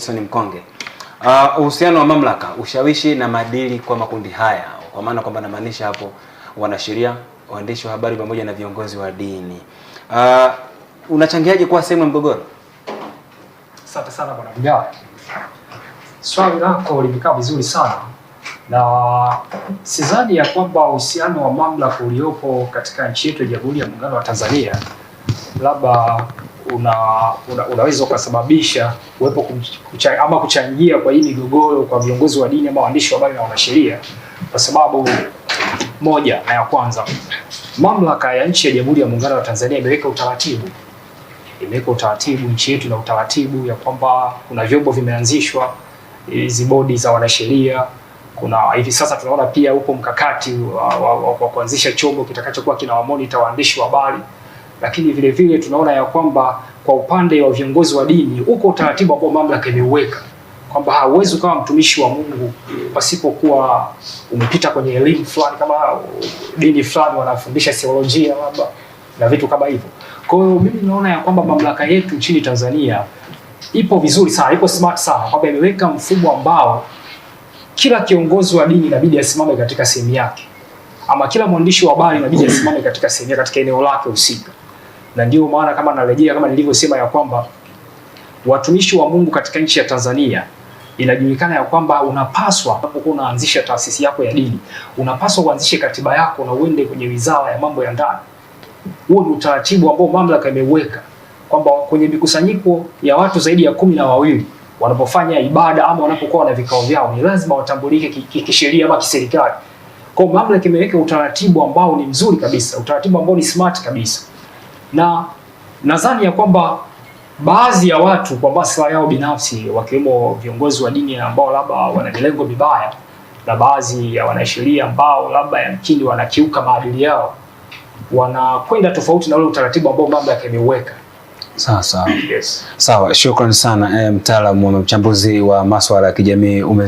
Wilson Mkonge. Ah, uhusiano wa mamlaka, ushawishi na maadili kwa makundi haya, kwa maana kwamba namaanisha hapo wanasheria, waandishi wa habari pamoja na viongozi wa dini. Uh, unachangiaje kuwa sehemu ya mgogoro? Asante sana bwana Mgawa, swali lako limekaa vizuri sana, na sidhani ya kwamba uhusiano wa mamlaka uliopo katika nchi yetu ya Jamhuri ya Muungano wa Tanzania labda una, una, unaweza ukasababisha kuwepo kucha, ama kuchangia kwa hii migogoro kwa viongozi wa dini ama waandishi wa habari na wanasheria, kwa sababu moja na ya kwanza, mamlaka ya nchi ya Jamhuri ya Muungano wa Tanzania imeweka utaratibu imeweka utaratibu, nchi yetu na utaratibu ya kwamba kuna vyombo vimeanzishwa, hizi bodi za wanasheria. Kuna hivi sasa tunaona pia upo mkakati wa, wa, wa, wa kuanzisha chombo kitakachokuwa kina wamonita waandishi wa habari lakini vile vile tunaona ya kwamba kwa upande wa viongozi wa dini uko utaratibu ambao mamlaka imeuweka kwamba hauwezi ukawa mtumishi wa Mungu pasipokuwa umepita kwenye elimu fulani, kama dini fulani wanafundisha theolojia labda na vitu kama hivyo. Kwa hiyo mimi naona ya kwamba mamlaka yetu nchini Tanzania ipo vizuri sana, ipo smart sana, kwamba imeweka mfumo ambao kila kiongozi wa dini inabidi asimame katika sehemu yake, ama kila mwandishi wa habari inabidi asimame katika sehemu yake, katika eneo lake husika na ndio maana kama narejea, kama nilivyosema ya kwamba watumishi wa Mungu katika nchi ya Tanzania inajulikana ya kwamba unapaswa unapokuwa unaanzisha taasisi yako ya dini, unapaswa uanzishe katiba yako na uende kwenye wizara ya mambo ya ndani. Huo ni utaratibu ambao mamlaka imeweka kwamba kwenye mikusanyiko ya watu zaidi ya kumi na wawili wanapofanya ibada ama wanapokuwa na vikao vyao ni lazima watambulike kisheria ama kiserikali. Kwa mamlaka imeweka utaratibu ambao ni mzuri kabisa, utaratibu ambao ni smart kabisa na nadhani ya kwamba baadhi ya watu kwa maslahi yao binafsi, wakiwemo viongozi wa dini ambao labda wana milengo mibaya na baadhi ya wanasheria ambao labda yamkini wanakiuka maadili yao, wanakwenda tofauti na ule utaratibu ambao mamlaka imeuweka. Sawa sawa, yes. Sawa, shukrani sana eh, mtaalamu wa mchambuzi wa masuala ya kijamii ume